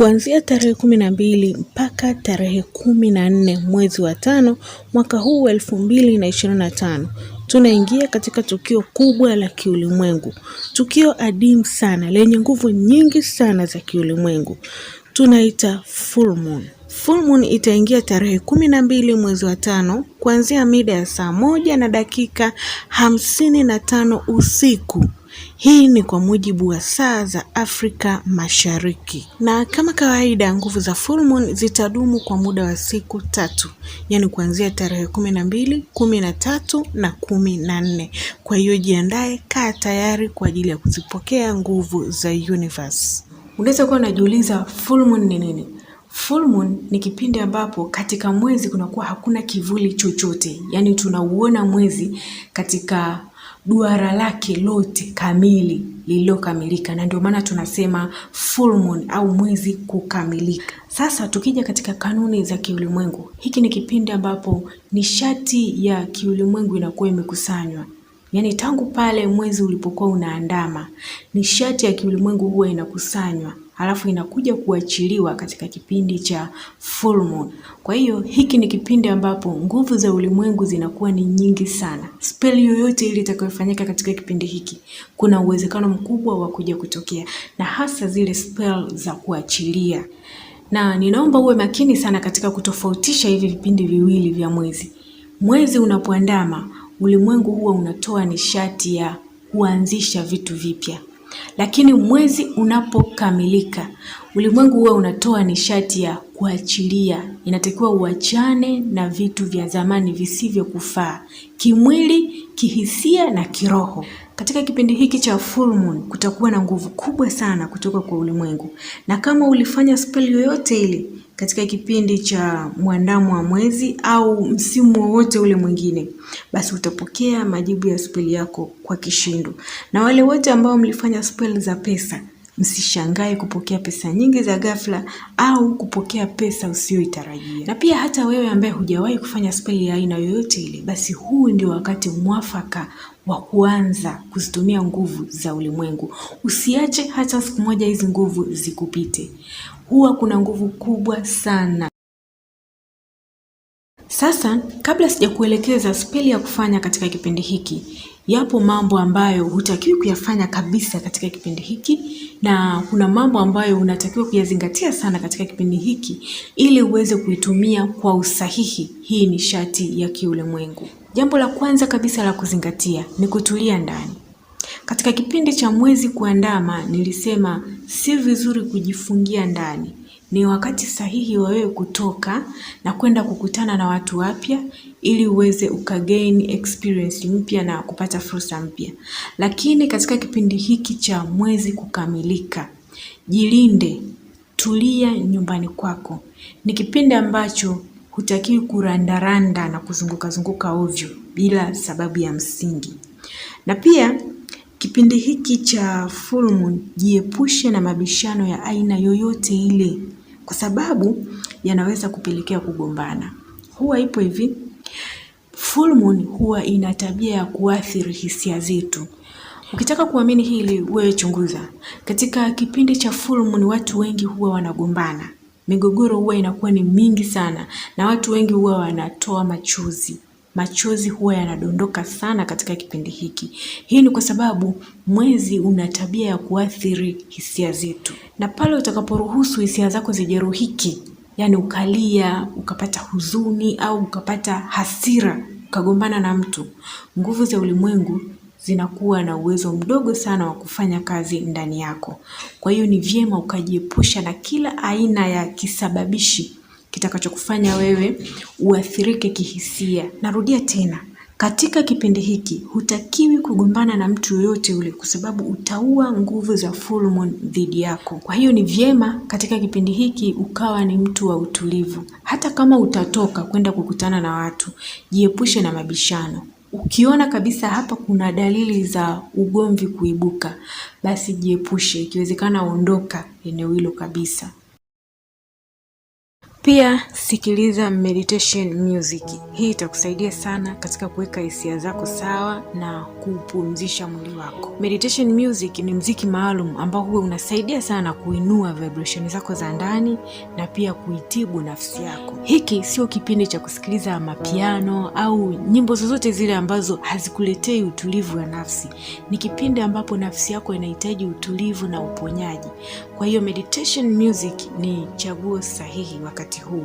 Kuanzia tarehe kumi na mbili mpaka tarehe kumi na nne mwezi wa tano mwaka huu wa elfu mbili na ishirini na tano tunaingia katika tukio kubwa la kiulimwengu, tukio adimu sana lenye nguvu nyingi sana za kiulimwengu, tunaita full moon. Full moon itaingia tarehe kumi na mbili mwezi wa tano kuanzia mida ya saa moja na dakika hamsini na tano usiku hii ni kwa mujibu wa saa za Afrika Mashariki. Na kama kawaida, nguvu za full moon zitadumu kwa muda wa siku tatu, yaani kuanzia tarehe kumi na mbili, kumi na tatu na kumi na nne. Kwa hiyo jiandae, kaa tayari kwa ajili ya kuzipokea nguvu za universe. Unaweza kuwa unajiuliza full moon ni nini? Full moon ni kipindi ambapo katika mwezi kunakuwa hakuna kivuli chochote, yaani tunauona mwezi katika duara lake lote kamili lililokamilika, na ndio maana tunasema full moon au mwezi kukamilika. Sasa tukija katika kanuni za kiulimwengu, hiki ni kipindi ambapo nishati ya kiulimwengu inakuwa imekusanywa Yaani tangu pale mwezi ulipokuwa unaandama, nishati ya kiulimwengu huwa inakusanywa halafu inakuja kuachiliwa katika kipindi cha full moon. Kwa hiyo hiki ni kipindi ambapo nguvu za ulimwengu zinakuwa ni nyingi sana. Speli yoyote ile itakayofanyika katika kipindi hiki, kuna uwezekano mkubwa wa kuja kutokea, na hasa zile spell za kuachilia. Na ninaomba uwe makini sana katika kutofautisha hivi vipindi viwili vya mwezi. Mwezi unapoandama ulimwengu huwa unatoa nishati ya kuanzisha vitu vipya, lakini mwezi unapokamilika ulimwengu huwa unatoa nishati ya kuachilia. Inatakiwa uachane na vitu vya zamani visivyokufaa kimwili, kihisia na kiroho. Katika kipindi hiki cha full moon kutakuwa na nguvu kubwa sana kutoka kwa ulimwengu, na kama ulifanya spell yoyote ile katika kipindi cha mwandamo wa mwezi au msimu wowote ule mwingine, basi utapokea majibu ya spell yako kwa kishindo. Na wale wote ambao mlifanya spell za pesa, Msishangae kupokea pesa nyingi za ghafla au kupokea pesa usiyoitarajia. Na pia hata wewe ambaye hujawahi kufanya speli ya aina yoyote ile, basi huu ndio wakati mwafaka wa kuanza kuzitumia nguvu za ulimwengu. Usiache hata siku moja hizi nguvu zikupite. Huwa kuna nguvu kubwa sana. Sasa kabla sijakuelekeza speli ya kufanya katika kipindi hiki, Yapo mambo ambayo hutakiwi kuyafanya kabisa katika kipindi hiki na kuna mambo ambayo unatakiwa kuyazingatia sana katika kipindi hiki ili uweze kuitumia kwa usahihi hii nishati ya kiulimwengu. Jambo la kwanza kabisa la kuzingatia ni kutulia ndani. Katika kipindi cha mwezi kuandama, nilisema si vizuri kujifungia ndani, ni wakati sahihi wa wewe kutoka na kwenda kukutana na watu wapya ili uweze ukagain experience mpya na kupata fursa mpya. Lakini katika kipindi hiki cha mwezi kukamilika, jilinde, tulia nyumbani kwako. Ni kipindi ambacho hutakiwi kurandaranda na kuzunguka zunguka ovyo bila sababu ya msingi. Na pia kipindi hiki cha full moon, jiepushe na mabishano ya aina yoyote ile kwa sababu yanaweza kupelekea kugombana. Huwa ipo hivi, full moon huwa ina tabia ya kuathiri hisia zetu. Ukitaka kuamini hili, wewe chunguza. Katika kipindi cha full moon, watu wengi huwa wanagombana, migogoro huwa inakuwa ni mingi sana, na watu wengi huwa wanatoa machozi machozi huwa yanadondoka sana katika kipindi hiki. Hii ni kwa sababu mwezi una tabia ya kuathiri hisia zetu, na pale utakaporuhusu hisia zako zijeruhiki, yani ukalia, ukapata huzuni au ukapata hasira, ukagombana na mtu, nguvu za ulimwengu zinakuwa na uwezo mdogo sana wa kufanya kazi ndani yako. Kwa hiyo ni vyema ukajiepusha na kila aina ya kisababishi kitakachokufanya wewe uathirike kihisia. Narudia tena, katika kipindi hiki hutakiwi kugombana na mtu yoyote ule, kwa sababu utaua nguvu za full moon dhidi yako. Kwa hiyo ni vyema katika kipindi hiki ukawa ni mtu wa utulivu. Hata kama utatoka kwenda kukutana na watu, jiepushe na mabishano. Ukiona kabisa hapa kuna dalili za ugomvi kuibuka, basi jiepushe, ikiwezekana ondoka eneo hilo kabisa. Pia sikiliza meditation music. Hii itakusaidia sana katika kuweka hisia zako sawa na kupumzisha mwili wako. Meditation music ni mziki maalum ambao huwa unasaidia sana kuinua vibration zako za ndani na pia kuitibu nafsi yako. Hiki sio kipindi cha kusikiliza mapiano au nyimbo zozote zile ambazo hazikuletei utulivu wa nafsi. Ni kipindi ambapo nafsi yako inahitaji utulivu na uponyaji. Kwa hiyo meditation music ni chaguo sahihi wakati wakati huu.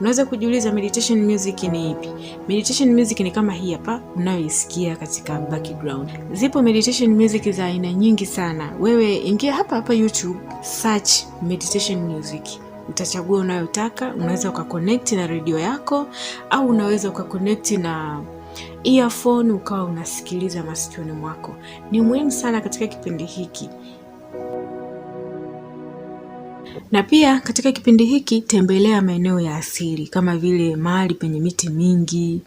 Unaweza kujiuliza meditation music ni ipi? Meditation music ni kama hii hapa unayoisikia katika background. Zipo meditation music za aina nyingi sana. Wewe ingia hapa hapa YouTube, search meditation music utachagua unayotaka. Unaweza ukaconnect na redio yako au unaweza ukaconnect na earphone ukawa unasikiliza masikioni mwako. Ni muhimu sana katika kipindi hiki. Na pia katika kipindi hiki tembelea maeneo ya asili kama vile mahali penye miti mingi,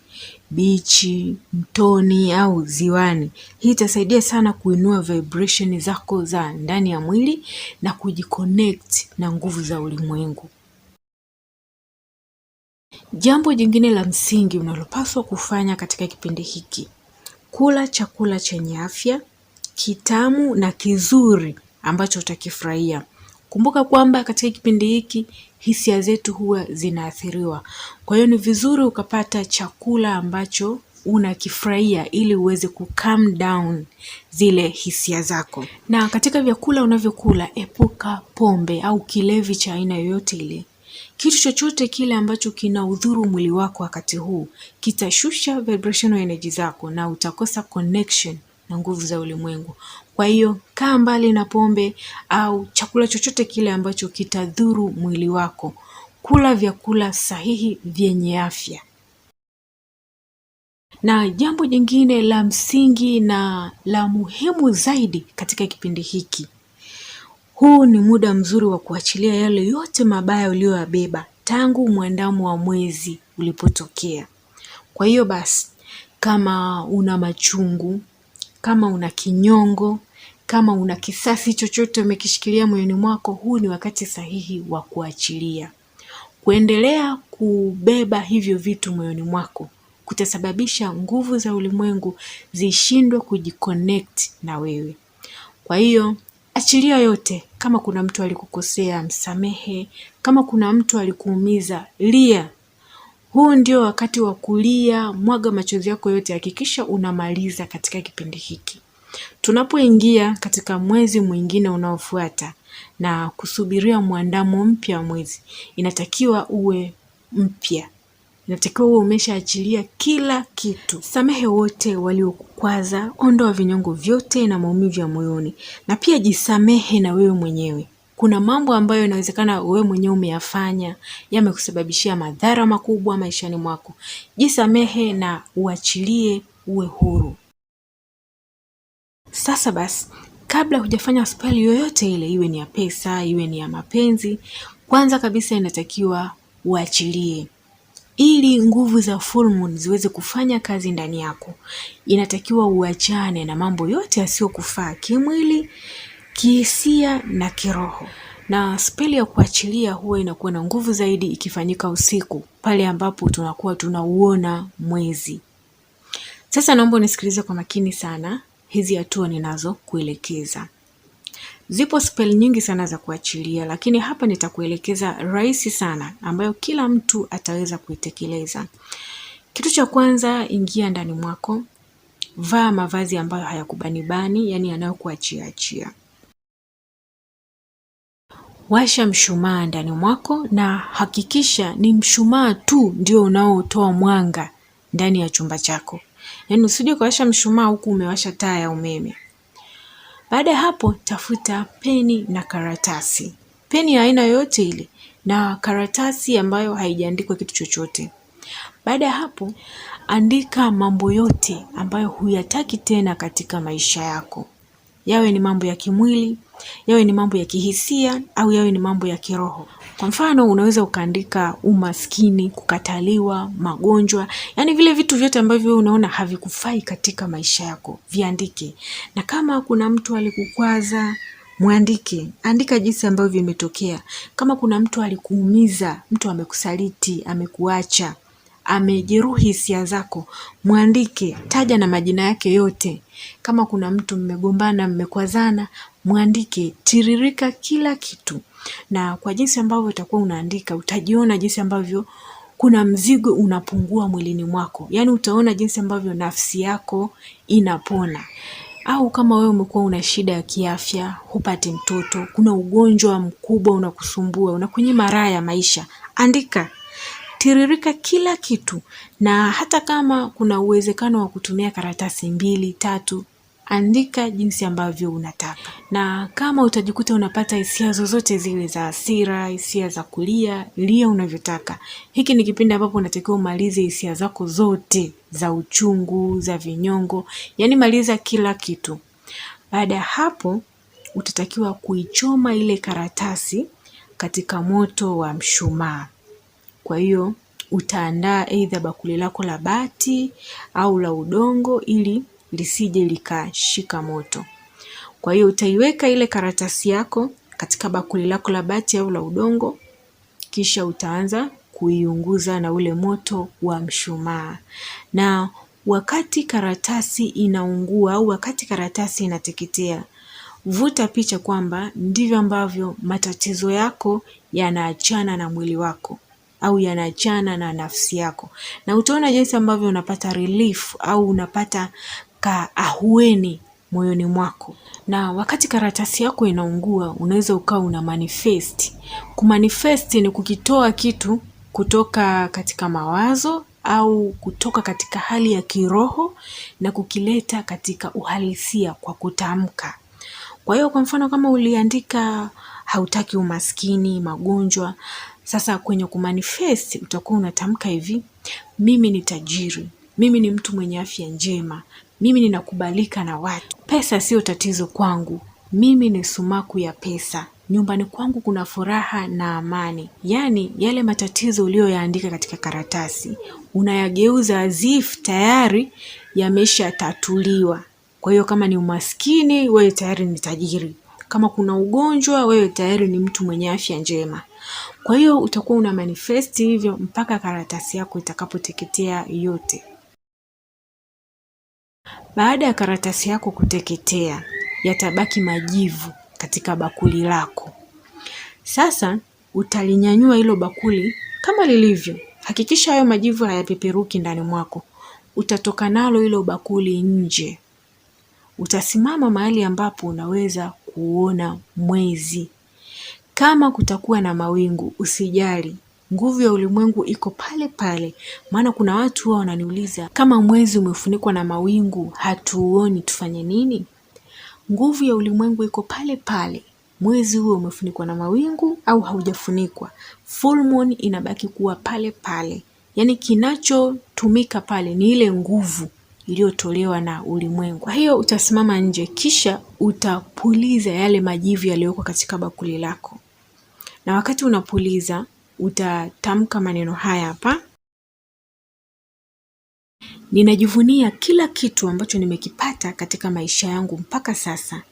bichi, mtoni au ziwani. Hii itasaidia sana kuinua vibration zako za ndani ya mwili na kujiconnect na nguvu za ulimwengu. Jambo jingine la msingi unalopaswa kufanya katika kipindi hiki, kula chakula chenye afya, kitamu na kizuri ambacho utakifurahia. Kumbuka kwamba katika kipindi hiki hisia zetu huwa zinaathiriwa, kwa hiyo ni vizuri ukapata chakula ambacho unakifurahia ili uweze ku calm down zile hisia zako. Na katika vyakula unavyokula, epuka pombe au kilevi cha aina yoyote ile. Kitu chochote kile ambacho kina udhuru mwili wako wakati huu kitashusha vibrational energy zako na utakosa connection na nguvu za ulimwengu. Kwa hiyo kaa mbali na pombe au chakula chochote kile ambacho kitadhuru mwili wako. Kula vyakula sahihi vyenye afya. Na jambo jingine la msingi na la muhimu zaidi katika kipindi hiki, huu ni muda mzuri wa kuachilia yale yote mabaya uliyoyabeba tangu mwandamo wa mwezi ulipotokea. Kwa hiyo basi, kama una machungu, kama una kinyongo, kama una kisasi chochote umekishikilia moyoni mwako, huu ni wakati sahihi wa kuachilia. Kuendelea kubeba hivyo vitu moyoni mwako kutasababisha nguvu za ulimwengu zishindwe kujiconnect na wewe. Kwa hiyo achilia yote. Kama kuna mtu alikukosea, msamehe. Kama kuna mtu alikuumiza, lia. Huu ndio wakati wa kulia, mwaga machozi yako yote, hakikisha unamaliza katika kipindi hiki. Tunapoingia katika mwezi mwingine unaofuata na kusubiria mwandamo mpya wa mwezi, inatakiwa uwe mpya, inatakiwa uwe umeshaachilia kila kitu. Samehe wote waliokukwaza, ondoa vinyongo vyote na maumivu ya moyoni, na pia jisamehe na wewe mwenyewe. Kuna mambo ambayo inawezekana wewe mwenyewe umeyafanya yamekusababishia madhara makubwa maishani mwako. Jisamehe na uachilie, uwe huru. Sasa basi, kabla hujafanya hospitali yoyote ile, iwe ni ya pesa, iwe ni ya mapenzi, kwanza kabisa inatakiwa uachilie ili nguvu za full moon ziweze kufanya kazi ndani yako, inatakiwa uachane na mambo yote yasiyokufaa kimwili, kihisia na kiroho. Na speli ya kuachilia huwa inakuwa na nguvu zaidi ikifanyika usiku, pale ambapo tunakuwa tunauona mwezi. Sasa naomba unisikilize kwa makini sana, hizi hatua ninazokuelekeza. Zipo spell nyingi sana za kuachilia, lakini hapa nitakuelekeza rahisi sana ambayo kila mtu ataweza kuitekeleza. Kitu cha kwanza, ingia ndani mwako, vaa mavazi ambayo hayakubanibani, yani achia Washa mshumaa ndani mwako na hakikisha ni mshumaa tu ndio unaotoa mwanga ndani ya chumba chako yaani usije ukawasha mshumaa huku umewasha taa ya umeme. Baada ya hapo, tafuta peni na karatasi, peni ya aina yoyote ile na karatasi ambayo haijaandikwa kitu chochote. Baada ya hapo, andika mambo yote ambayo huyataki tena katika maisha yako, yawe ni mambo ya kimwili, yawe ni mambo ya kihisia, au yawe ni mambo ya kiroho. Kwa mfano unaweza ukaandika umaskini, kukataliwa, magonjwa, yaani vile vitu vyote ambavyo unaona havikufai katika maisha yako viandike. Na kama kuna mtu alikukwaza mwandike, andika jinsi ambavyo vimetokea Kama kuna mtu alikuumiza, mtu amekusaliti, amekuacha, amejeruhi hisia zako, mwandike, taja na majina yake yote. Kama kuna mtu mmegombana, mmekwazana, mwandike tiririka kila kitu, na kwa jinsi ambavyo utakuwa unaandika utajiona jinsi ambavyo kuna mzigo unapungua mwilini mwako, yaani utaona jinsi ambavyo nafsi yako inapona. Au kama wewe umekuwa una shida ya kiafya, hupati mtoto, kuna ugonjwa mkubwa unakusumbua, unakunyima raha ya maisha, andika tiririka kila kitu, na hata kama kuna uwezekano wa kutumia karatasi mbili tatu andika jinsi ambavyo unataka. Na kama utajikuta unapata hisia zozote zile za asira hisia za kulia, lia unavyotaka. Hiki ni kipindi ambapo unatakiwa umalize hisia zako zote za uchungu, za vinyongo, yaani maliza kila kitu. Baada ya hapo, utatakiwa kuichoma ile karatasi katika moto wa mshumaa. Kwa hiyo utaandaa eidha bakuli lako la bati au la udongo ili lisije likashika moto. Kwa hiyo utaiweka ile karatasi yako katika bakuli lako la bati au la udongo, kisha utaanza kuiunguza na ule moto wa mshumaa. Na wakati karatasi inaungua au wakati karatasi inateketea, vuta picha kwamba ndivyo ambavyo matatizo yako yanaachana na mwili wako au yanaachana na nafsi yako, na utaona jinsi ambavyo unapata relief au unapata ahueni moyoni mwako. Na wakati karatasi yako inaungua, unaweza ukawa una manifest. Kumanifest ni kukitoa kitu kutoka katika mawazo au kutoka katika hali ya kiroho na kukileta katika uhalisia kwa kutamka. Kwa hiyo kwa mfano kama uliandika hautaki umaskini, magonjwa, sasa kwenye kumanifest utakuwa unatamka hivi: mimi ni tajiri, mimi ni mtu mwenye afya njema, mimi ninakubalika na watu, pesa siyo tatizo kwangu. Mimi ni sumaku ya pesa. Nyumbani kwangu kuna furaha na amani. Yaani yale matatizo uliyoyaandika katika karatasi unayageuza as tayari yameshatatuliwa. Kwa hiyo kama ni umaskini, wewe tayari ni tajiri. Kama kuna ugonjwa, wewe tayari ni mtu mwenye afya njema. Kwa hiyo utakuwa una manifesti hivyo mpaka karatasi yako itakapoteketea yote. Baada ya karatasi yako kuteketea, yatabaki majivu katika bakuli lako. Sasa utalinyanyua hilo bakuli kama lilivyo, hakikisha hayo majivu hayapeperuki ndani mwako. Utatoka nalo hilo bakuli nje, utasimama mahali ambapo unaweza kuona mwezi. Kama kutakuwa na mawingu, usijali, Nguvu ya ulimwengu iko pale pale, maana kuna watu huwa wananiuliza kama mwezi umefunikwa na mawingu hatuuoni tufanye nini? Nguvu ya ulimwengu iko pale pale, mwezi huo umefunikwa na mawingu au haujafunikwa, full moon inabaki kuwa pale pale. Yaani kinachotumika pale ni ile nguvu iliyotolewa na ulimwengu. Kwa hiyo utasimama nje, kisha utapuliza yale majivu yaliyoko katika bakuli lako, na wakati unapuliza utatamka maneno haya hapa: ninajivunia kila kitu ambacho nimekipata katika maisha yangu mpaka sasa.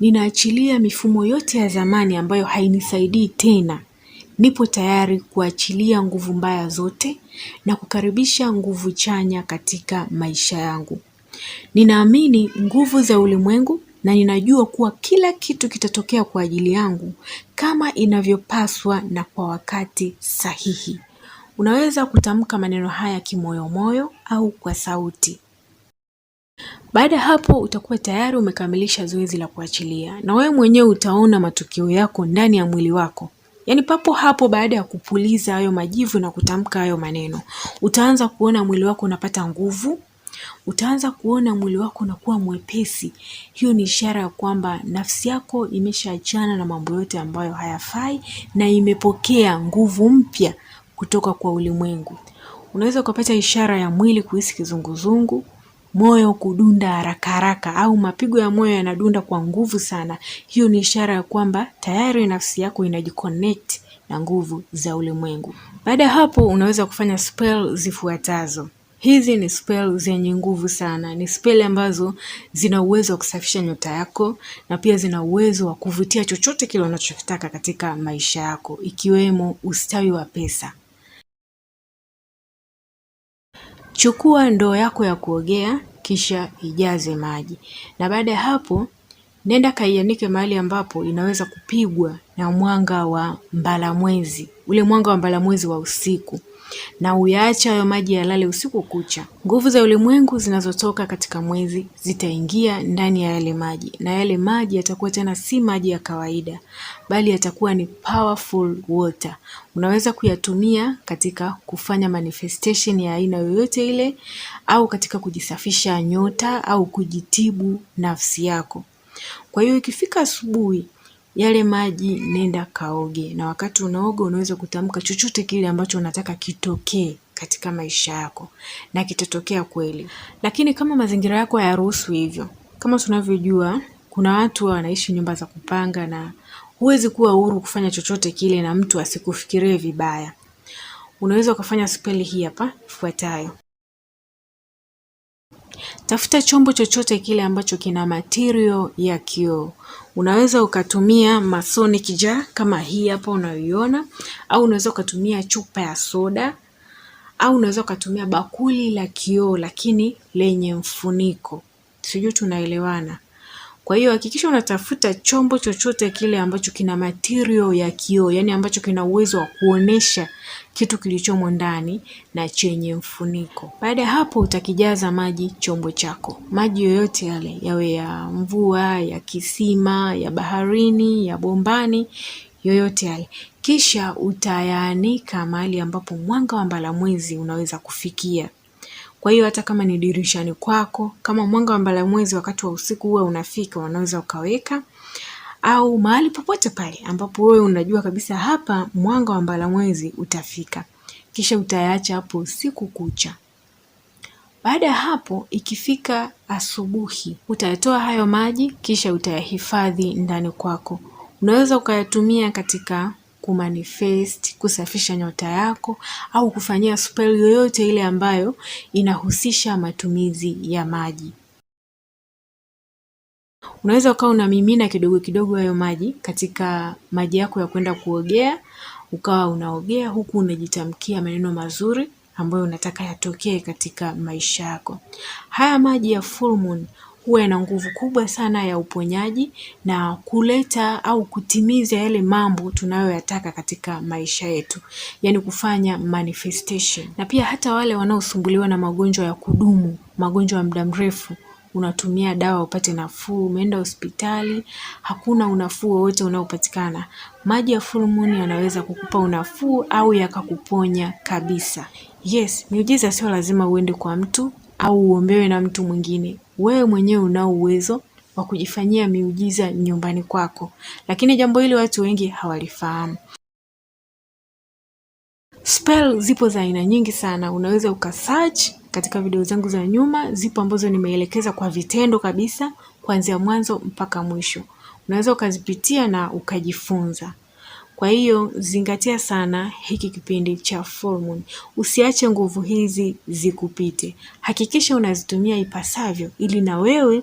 Ninaachilia mifumo yote ya zamani ambayo hainisaidii tena. Nipo tayari kuachilia nguvu mbaya zote na kukaribisha nguvu chanya katika maisha yangu. Ninaamini nguvu za ulimwengu na ninajua kuwa kila kitu kitatokea kwa ajili yangu kama inavyopaswa na kwa wakati sahihi. Unaweza kutamka maneno haya kimoyomoyo au kwa sauti. Baada ya hapo utakuwa tayari umekamilisha zoezi la kuachilia, na wewe mwenyewe utaona matokeo yako ndani ya mwili wako. Yaani papo hapo, baada ya kupuliza hayo majivu na kutamka hayo maneno, utaanza kuona mwili wako unapata nguvu, utaanza kuona mwili wako unakuwa mwepesi. Hiyo ni ishara ya kwamba nafsi yako imeshaachana na mambo yote ambayo hayafai na imepokea nguvu mpya kutoka kwa ulimwengu. Unaweza ukapata ishara ya mwili kuhisi kizunguzungu, moyo kudunda haraka haraka au mapigo ya moyo yanadunda kwa nguvu sana. Hiyo ni ishara ya kwamba tayari nafsi yako inajiconnect na nguvu za ulimwengu. Baada ya hapo, unaweza kufanya spell zifuatazo. Hizi ni spell zenye nguvu sana, ni spell ambazo zina uwezo wa kusafisha nyota yako na pia zina uwezo wa kuvutia chochote kile unachokitaka katika maisha yako, ikiwemo ustawi wa pesa. Chukua ndoo yako ya kuogea kisha ijaze maji, na baada ya hapo nenda kaianike mahali ambapo inaweza kupigwa na mwanga wa mbalamwezi, ule mwanga wa mbalamwezi wa usiku na uyaache hayo maji yalale usiku kucha. Nguvu za ulimwengu zinazotoka katika mwezi zitaingia ndani ya yale maji, na yale maji yatakuwa tena si maji ya kawaida, bali yatakuwa ni powerful water. Unaweza kuyatumia katika kufanya manifestation ya aina yoyote ile, au katika kujisafisha nyota, au kujitibu nafsi yako. Kwa hiyo ikifika asubuhi yale maji nenda kaoge, na wakati unaoga unaweza kutamka chochote kile ambacho unataka kitokee katika maisha yako na kitatokea kweli. Lakini kama mazingira yako hayaruhusu hivyo, kama tunavyojua, kuna watu wanaishi nyumba za kupanga na huwezi kuwa huru kufanya chochote kile na mtu asikufikirie vibaya. Unaweza ukafanya speli hii hapa ifuatayo. Tafuta chombo chochote kile ambacho kina material ya kioo. Unaweza ukatumia masonic jar kama hii hapa unayoiona, au unaweza ukatumia chupa ya soda, au unaweza ukatumia bakuli la kioo lakini lenye mfuniko. Sijui tunaelewana? Kwa hiyo hakikisha unatafuta chombo chochote kile ambacho kina material ya kioo, yani ambacho kina uwezo wa kuonesha kitu kilichomo ndani na chenye mfuniko. Baada ya hapo, utakijaza maji chombo chako. Maji yoyote yale, yawe ya mvua, ya kisima, ya baharini, ya bombani, yoyote yale, kisha utayaanika mahali ambapo mwanga wa mbalamwezi unaweza kufikia. Kwa hiyo hata kama ni dirishani kwako, kama mwanga wa mbalamwezi wakati wa usiku huwa unafika, unaweza ukaweka au mahali popote pale ambapo wewe unajua kabisa hapa mwanga wa mbalamwezi utafika, kisha utayaacha hapo usiku kucha. Baada ya hapo, ikifika asubuhi, utayatoa hayo maji kisha utayahifadhi ndani kwako. Unaweza ukayatumia katika kumanifest, kusafisha nyota yako au kufanyia spell yoyote ile ambayo inahusisha matumizi ya maji. Unaweza ukawa unamimina kidogo kidogo hayo maji katika maji yako ya kwenda kuogea, ukawa unaogea huku unajitamkia maneno mazuri ambayo unataka yatokee katika maisha yako. Haya maji ya full moon huwa yana nguvu kubwa sana ya uponyaji na kuleta au kutimiza yale mambo tunayoyataka katika maisha yetu, yaani kufanya manifestation. Na pia hata wale wanaosumbuliwa na magonjwa ya kudumu, magonjwa ya muda mrefu, unatumia dawa upate nafuu, umeenda hospitali hakuna unafuu wowote unaopatikana. Maji ya full moon yanaweza kukupa unafuu au yakakuponya kabisa. Yes, miujiza sio lazima uende kwa mtu au uombewe na mtu mwingine. Wewe mwenyewe unao uwezo wa kujifanyia miujiza nyumbani kwako, lakini jambo hili watu wengi hawalifahamu. Spell zipo za aina nyingi sana, unaweza ukasearch katika video zangu za nyuma zipo ambazo nimeelekeza kwa vitendo kabisa kuanzia mwanzo mpaka mwisho. Unaweza ukazipitia na ukajifunza. Kwa hiyo zingatia sana hiki kipindi cha full moon. Usiache nguvu hizi zikupite. Hakikisha unazitumia ipasavyo ili na wewe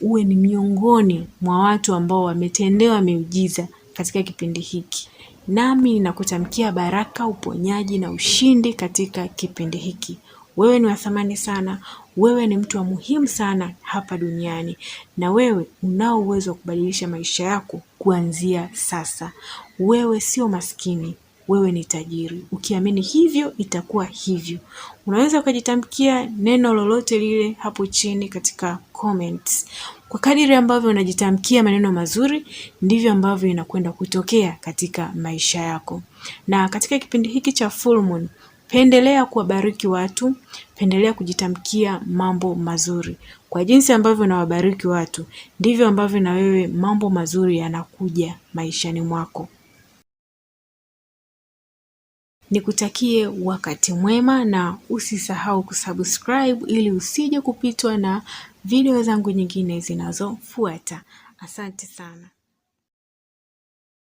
uwe ni miongoni mwa watu ambao wametendewa miujiza katika kipindi hiki. Nami nakutamkia baraka, uponyaji na ushindi katika kipindi hiki wewe ni wa thamani sana, wewe ni mtu wa muhimu sana hapa duniani, na wewe unao uwezo wa kubadilisha maisha yako kuanzia sasa. Wewe sio maskini, wewe ni tajiri. Ukiamini hivyo, itakuwa hivyo. Unaweza ukajitamkia neno lolote lile hapo chini katika comments. Kwa kadiri ambavyo unajitamkia maneno mazuri, ndivyo ambavyo inakwenda kutokea katika maisha yako. Na katika kipindi hiki cha full moon Pendelea kuwabariki watu, pendelea kujitamkia mambo mazuri. Kwa jinsi ambavyo unawabariki watu, ndivyo ambavyo na wewe mambo mazuri yanakuja maishani mwako. Nikutakie wakati mwema na usisahau kusubscribe ili usije kupitwa na video zangu nyingine zinazofuata. Asante sana.